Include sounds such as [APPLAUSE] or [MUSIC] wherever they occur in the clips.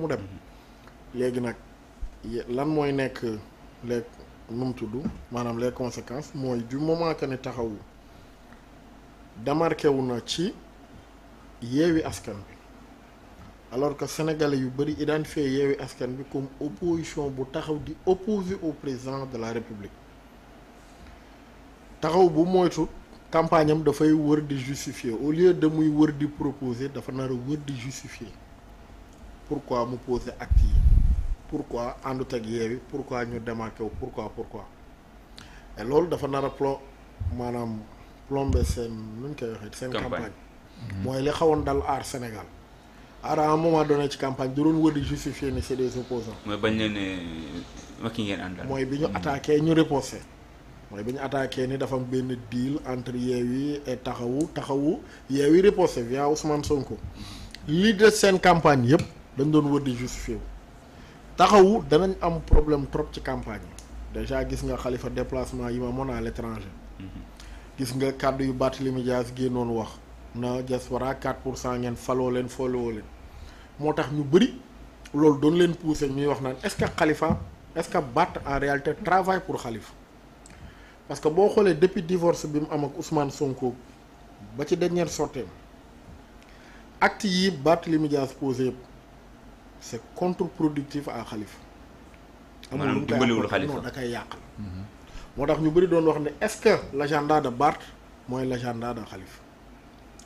mu dem léegi nag lan mooy nekk les nu mu tudd maanaam les conséquences mooy ju moment que ne taxaw démarqué wu na ci yeewi askan bi alors que sénégalais yu bëri identifié yeewi askan bi comme opposition bu taxaw di opposer au président de la république taxaw bu moytu campagne dafay wër di justifier au lieu de muy wër di proposer dafa nar a wër di justifier pourquoi mu posé acte yi pourquoi àndut ak yeewi pourquoi ñu démarqué wu pourquoi pourquoi et loolu dafa nar plo maanaam plombé seen nuñ koy waxee seen campagne mhm. mooy li xawoon dal aar Sénégal aar à un moment donné ci campagne du doon wër di justifier ni c'est des opposants mooy bañ leen ne makki ngeen àndal mooy bi ñu mhm. attaqué ñu riposté mooy bi ñu attaqué ni dafa benn deal entre Yewwi et Taxawu Taxawu Yewwi riposté via Ousmane Sonko mhm. li des seen campagne yëpp dañ doon wër di justifié wu taxawu danañ am problème trop ci campagne yi déjà gis nga xalifa déplacement yi ma mën à l'étranger mhm. gis nga kàddu yu Barthélémy Dias génnoon wax na diaspora 4 pour cent ngeen faloo leen foloo leen moo tax ñu bëri loolu doon leen poussé ñuy wax naan est-ce que xalifa est-ce que Barth en réalité travaille pour xalifa parce que boo xoolee depuis divorce bi mu am ak Ousmane Sonko ba ci dernière sortie acte yi Barthélémy Dias posé yëpp c' est contre-productif à xalif. amul dimbaliwul xalif non da koy yàqal. Mhm. moo tax ñu bëri doon wax ne est ce que l' agenda de Barth mooy l' agenda de xalifa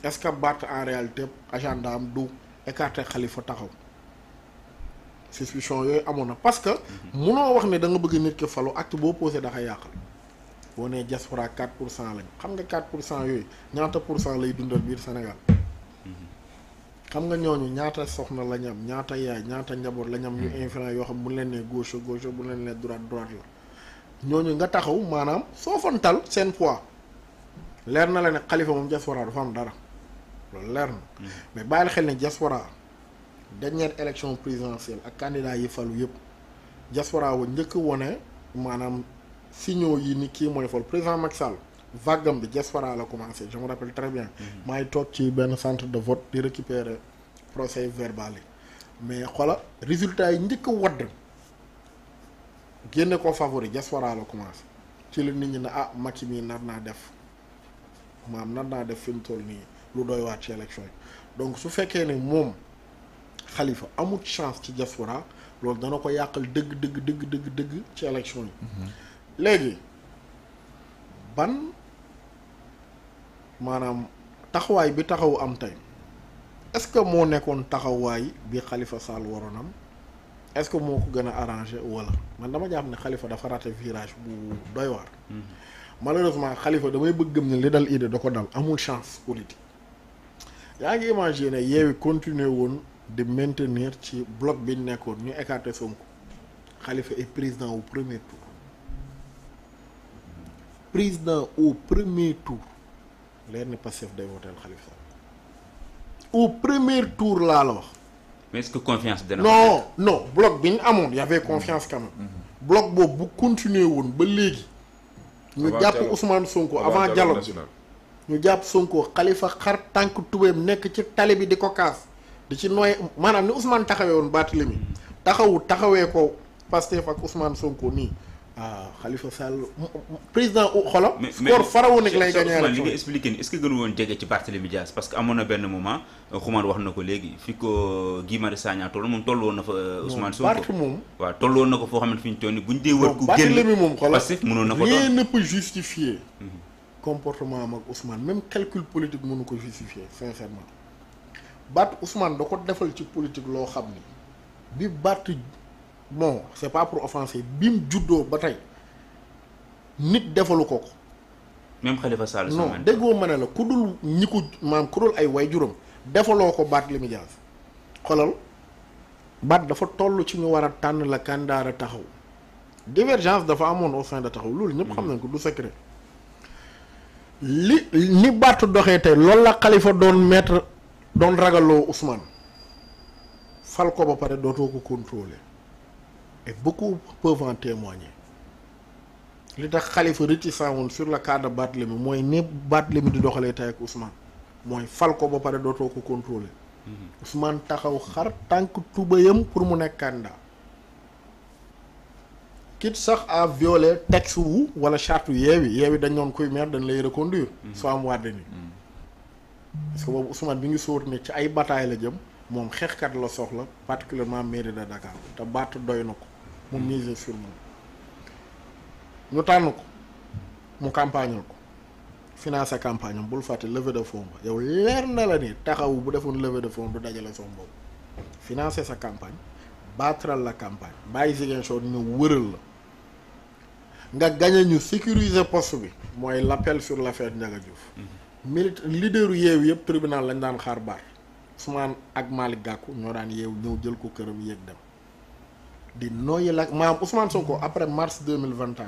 est ce que Barth en réalité agenda am du écarter xalifa taxaw. suspicion yooyu amoon na parce que. Mhm. munoo wax ne da nga bëgg nit ki falu acte boo posé da koy yàqal. boo nee diaspora 4 pour cent lañ xam nga 4 pour cent yooyu ñaata pour cent lay dundal biir Sénégal. xam nga ñooñu ñaata soxna la ñu am ñaata yaay ñaata njaboot la ñu am ñu hmm. influent yoo xam bu leen ne gauche gauche bu leen ne droite droite la ñooñu nga taxaw maanaam soofantal seen poids leer na la ne xalifa moom diaspora dafa am dara loolu leer na hmm. mais bàyyil xel ne diaspora dernière élection présidentielle ak candidat yi falu yëpp diaspora wa njëkk wone maanaam signaux yi ni kii mooy fal président Macky vaggam bi diaspora la commencé je me rappelle très bien mhm. maay ci benn centre de vote di récupérer procès verbal yi mais xoola résultat yi njëkk a wadd génne ko favori diaspora la commencé ci la nit ñi ne ah Macky mii nar naa def maam nar naa def fi mu toll nii lu doy waat ci élection yi donc su fekkee ne moom xalifa amul chance ci diaspora loolu dana ko yàqal dëgg dëgg dëgg dëgg dëgg ci élection yi mhm. léegi ban maanaam taxawaay bi taxaw am tey est-ce que moo nekkoon taxawaay bi xalifa Sall waroon am est-ce que moo ko gën a arrangé wala man dama jàpp ne xalifa dafa raté virage bu doy waar. Mhm. malheureusement Khalifa damay bëgg gëm ne li dal idée da ko dal amul chance politique yaa ngi imaginer yeewi continuer woon di maintenir ci bloc bi ñu nekkoon ñu écarté Sonko xalifa est président au premier tour. président au premier tour leer ni Pastef day wooteel Khalifa Sall au premier tour laa la wax. mais est-ce que confiance dana. non non bloc bi ñu amoon y avait confiance quand même. Mhm. bloc boobu bu continuer woon ba léegi. ñu jàpp Ousmane Sonko avant dialogue ñu jàpp Sonko xalifa xar tànk tubéem nekk ci tali bi di ko kaas di ci nooy maanaam ni Ousmane taxawee woon Barthélémy taxawu taxawee ko Pastef ak Ousmane Sonko nii. ah Khalifa Sall président xolam. score pharaonique lay gagné mais li nga expliqué nii est-ce que gënu woon jege ci Barthélemy Dias parce que amoon na benn moment Xuman wax na ko léegi fi ko euh, Guy Marius Sagna toll moom toll woon na fa euh, Ousmane Sonko. ko foo xamante fi ñu toll nii buñ moom xolam passif mënoon na ko mhm. comportement am ak Ousmane même calcul politique mënu ko justifier sincèrement Barth Ousmane da ko defal ci politique loo xam ni bi Barth bon c'est pas pour offenser bii mu juddoo ba tey nit defalu ko ko. même Khalifa Sall. non déggoo ma ne la ku dul ñi ko maam ku dul ay waajuram defaloo ko baat li mu xolal baat dafa toll ci ñu war a tànn la kandaara taxaw divergence dafa amoon au sein de taxaw loolu ñëpp xam nañ ko du secret li ni baat doxee tey loolu la Khalifa doon metre doon ragaloo Ousmane fal ko ba pare dootoo ko contrôler et beaucoup peuvent en li tax Khalifa réticent woon sur le cas de Barthélemy mooy ni Barthélemy di doxalee tey ak Ousmane mooy fal ko ba pare dootoo ko contrôler mm-hmm. Ousmane taxaw xar tànk tubayam pour mu nekk candidat quitte sax a violer texte wu wala charte yeewi yeewi dañ doon kuy maire dañ lay reconduire mm-hmm. soo am wàdde ni mm-hmm. parce boobu Ousmane bi ngi sóor ne ci ay bataay la jëm moom xeexkat la soxla particulièrement mairie de Dakar te baat doy na ko mu miser sur moom ñu tànn ko mu campagnal ko financer campagne bul fàtte leve de fonds ba yow leer na la ni taxawu bu defoon levée de fonds du dajale soom boobu financer sa campagne baatral la campagne bàyyi Ziguinchor ñu wëral la nga gañe ñu sécuriser post bi mooy l'appel sur l'affaire Ndiaga Diouf mm-hmm. milite leaderu yeew yëpp tribunal lañ daan xaar baar Ousmane ak Malick Gakou ñoo daan yeew ñëw jël ko këram yéeg dem di noyyi la maam Ousmane ko après mars 2021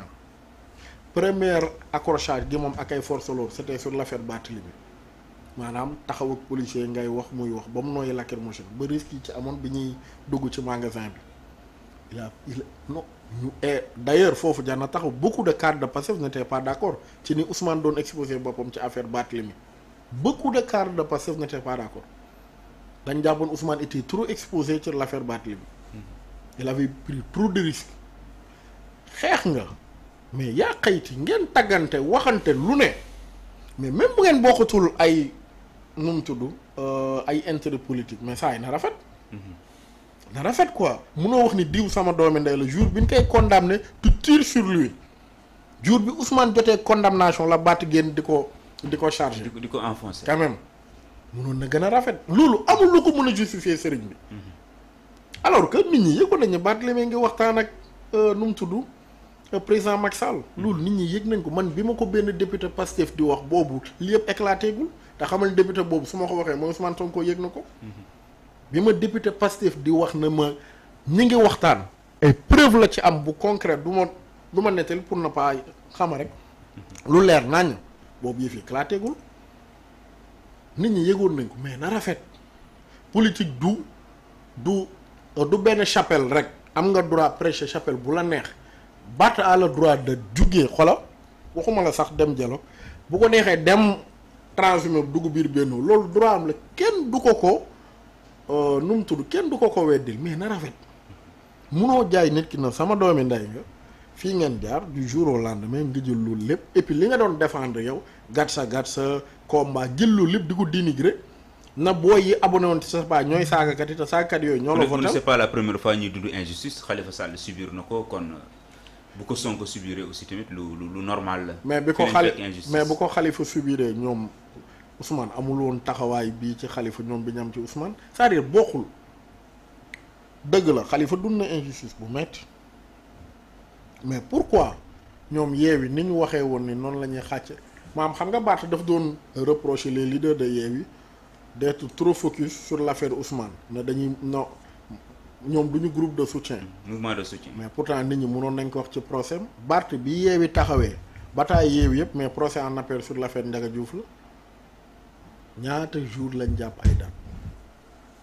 premier accrochage gi moom ak ay force loolu c'était sur l'affaire Barthélémy maanaam taxaw ak policier ngay wax muy wax ba mu nooy lacrymogène ba risque yi ci amoon bi ñuy dugg ci magasin bi il a il ñu et d'ailleurs foofu jar na taxaw beaucoup de cadres de Pastef n'étaient pas d'accord ci ni Ousmane doon exposé boppam ci affaire Barthélémy beaucoup de cadres de Pastef n'étaient pas d'accord dañ jàppoon Ousmane était trop exposé ci l'affaire bi la avait pris trop de risques xeex nga mais yaa xayti ngeen taggante waxante lu ne mais même bu ngeen bokkatul ay nu mu tudd euh, ay intérêt politique mais saa yi na rafet. Mm-hmm. na rafet quoi munoo wax ni diw sama doomi ndey la jour bi ñu koy condamné tu tires sur lui jour bi Ousmane jotee condamnation la baat génn di ko di ko chargé. di ko enfoncé quand même munoon na gën a rafet. loolu amul lu ko mën a justifier sëriñ bi. Mm-hmm. alors que nit ñi yëgoon nañu Barthélémy ngi waxtaan ak euh, nu mu tudd euh, président Macky Sall loolu nit ñi yéeg nañ ko man bi ma ko benn député Pastef di wax boobu li yëpp éclaté gul te xamal député boobu su ma ko waxee mooy Ousmane Sonko yëg na ko mm-hmm. bi ma député Pastef di wax na ma ñi ngi waxtaan ay preuve la ci am bu concret du ma du ma nettali pour ne pas xama rek mm-hmm. lu leer naññ boobu yëf yi éclaté nit ñi yëgoon nañ ko mais na rafet politique du du du benn chapelle rek am nga droit prêcher chapelle bu la neex Barth a le droit de jugee xola waxuma la sax dem jalo bu ko neexee dem transhumé dugub biir benn loolu droit am la kenn du ko ko euh, nu mu tudd kenn du ko ko weddil mais na rafet munoo jaay nit ki na sama doomi ndey nga fii ngeen jaar du jour au lendemain nga jël loolu lépp et li nga doon defender yow gàtt sa gàtt sa combat jël loolu lépp di ko dénigrer na booy yi abonné woon ci sa page yooyu ñoo la votal c'est pas la première fois ñuy dund injustice Khalifa Sall subir na ko kon euh, bu ko Sonko subiree aussi tamit lu lu normal la mais bi ko xali mais bu ko Khalifa subiree ñoom Ousmane amul woon taxawaay bii ci xalifa ñoom bi ñu am ci Ousmane c'est-à-dire dëgg la xalifa dund na injustice bu metti mais pourquoi ñoom Yewwi ni ñu waxee woon ni noonu la ñuy xàcce maam xam nga Barth daf doon reprocher les leaders de yi d'être trop focus sur l'affaire Ousmane ne dañuy non ñoom du ñu groupe de soutien. mouvement de soutien. mais pourtant nit ñi mënoon nañ ko wax ci procès Barth bi yeewi taxawee bataay yeewi yëpp mais procès en appel sur l'affaire Ndiaga Diouf la ñaata jour lañ jàpp ay date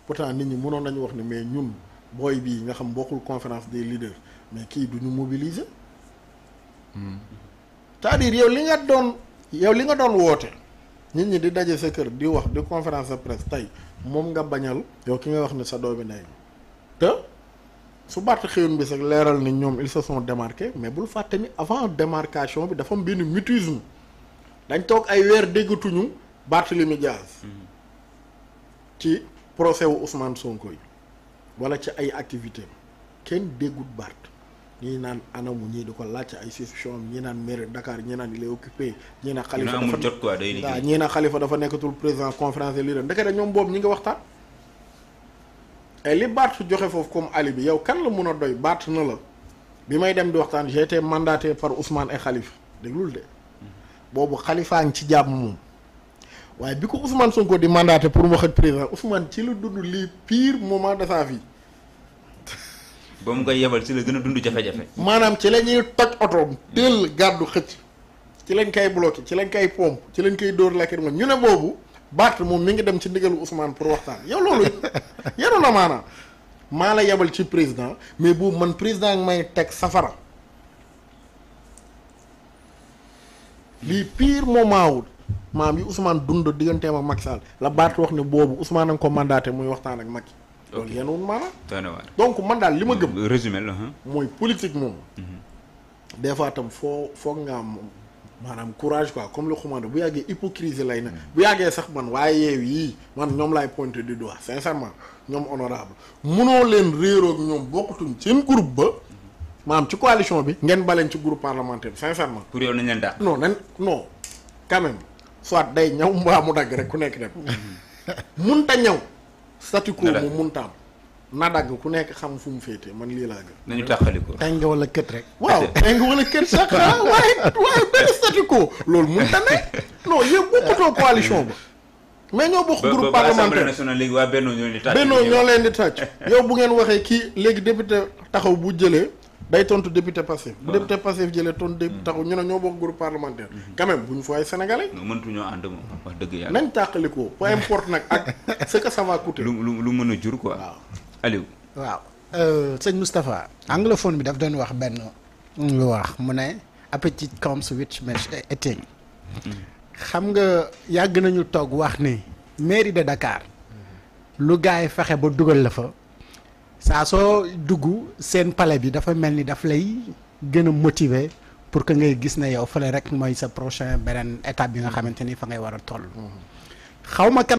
pourtant nit ñi mënoon nañu wax ne mais ñun booy bii nga xam bokkul conférence des leaders mais kii du ñu mobiliser. Hmm. cest à li nga doon yow li nga doon woote. nit ñi di daje sa kër di wax di conférence de presse tey moom nga bañal yow ki nga wax ne sa doomi ndey te su bàtt xëyun bi sa leeral ni ñoom ils se sont mais bul fàtte ni avant démarcation bi dafa am benn mutisme dañ toog ay weer déggatuñu Barthélemy Diaz ci procès wu Ousmane Sonko yi wala ci ay activités kenn déggut Barth ñii naan anamu ñii di ko laaj ay suspicion am ñii naan maire Dakar ñii naan il est occupé ñii naan xalifa dafa amul jot quoi day liggéey waaw ñii naan xalifa dafa nekkatul président conférence lii la ndekete ñoom boobu ñi ngi waxtaan et li Barth joxe foofu comme ali bi yow kan la mun a doy Barth na la bi may dem di waxtaan j'ai été mandaté par Ousmane et Khalifa déglul de boobu Khalifa ngi ci jàmm moom waaye bi ko Ousmane Sonko di mandaté pour mu wax ak président Ousmane ci la dund lii pire moment de sa vie ba mu koy yebal ci la gën a dund jafe-jafe. maanaam ci la ñuy toj otoom. teel gàddu xëcc. ci lañ koy bloqué ci lañ koy pompe ci lañ koy dóor lakkir ma ñu ne boobu Barth moom mi ngi dem ci ndigalu Ousmane pour waxtaan yow loolu [LAUGHS] yenu na maanaam maa la yebal ci président mais boobu man président ak may teg safara lii pire moment wul maam yi Ousmane dund digganteem ak Macky Sall la baat wax ne boobu Ousmane a nga ko mandaté muy waxtaan ak Macky loolu yenuun maanaam donc man daal li ma gëm résumé la mooy politique moom mhm. des fois tam foo foog nga am maanaam courage quoi comme le commandant bu yàggee hypocrisie lay na mhm. bu yàggee sax man waaye yeew yii man ñoom laay pointé du doigt sincèrement ñoom honorable munoo leen réeroog ñoom bokkutuñ ci groupe ba maanaam mhm. ci coalition bi ngeen baleen ci groupe parlementaire bi sincèrement pour yow na leen daal non na non quand même soit day ñaw mbaa mu dagg rek ku nekk dem mun ta ñaw statu quo moom mënut a am na dagg ku nekk xam fu mu féetee man lii laa gën. nañu tàqali ko. eng wala kët rek. waaw eng wala kët sax ah [LAUGHS] waaye waaye benn statu quo loolu mënut a ne non yéen bokkutoo coalition ba. mais ñoo bokk groupe parlementaire ba ba ñoo leen di tàcc yow bu ngeen waxee kii léegi député taxaw bu jëlee. day tontu député passif bu député passif jëlee tontu député mm-hmm. taxu ñu ne ñoo bokk groupe parlementaire mm-hmm. quand même bu ñu ay sénégalais ñoo ànd moom wax dëgg yàlla nañ tàqalikoo peu importe nag ak [LAUGHS] ce que ça va coûter lu lu mën a jur ko waaw Aliou waaw euh, sëñ Moustapha anglophone bi daf doon wax benn lu mm, wax mu ne appétit comes with eating mm-hmm. xam nga yàgg nañu toog wax ni mairie de Dakar lu gars yi fexe ba dugal la fa saa soo dugg seen pale bi dafa mel ni daf lay gën a motiver pour que ngay gis ne yow fële rek mooy sa prochain beneen étape bi nga xamante ni fa ngay war a toll. Mm-hmm. xaw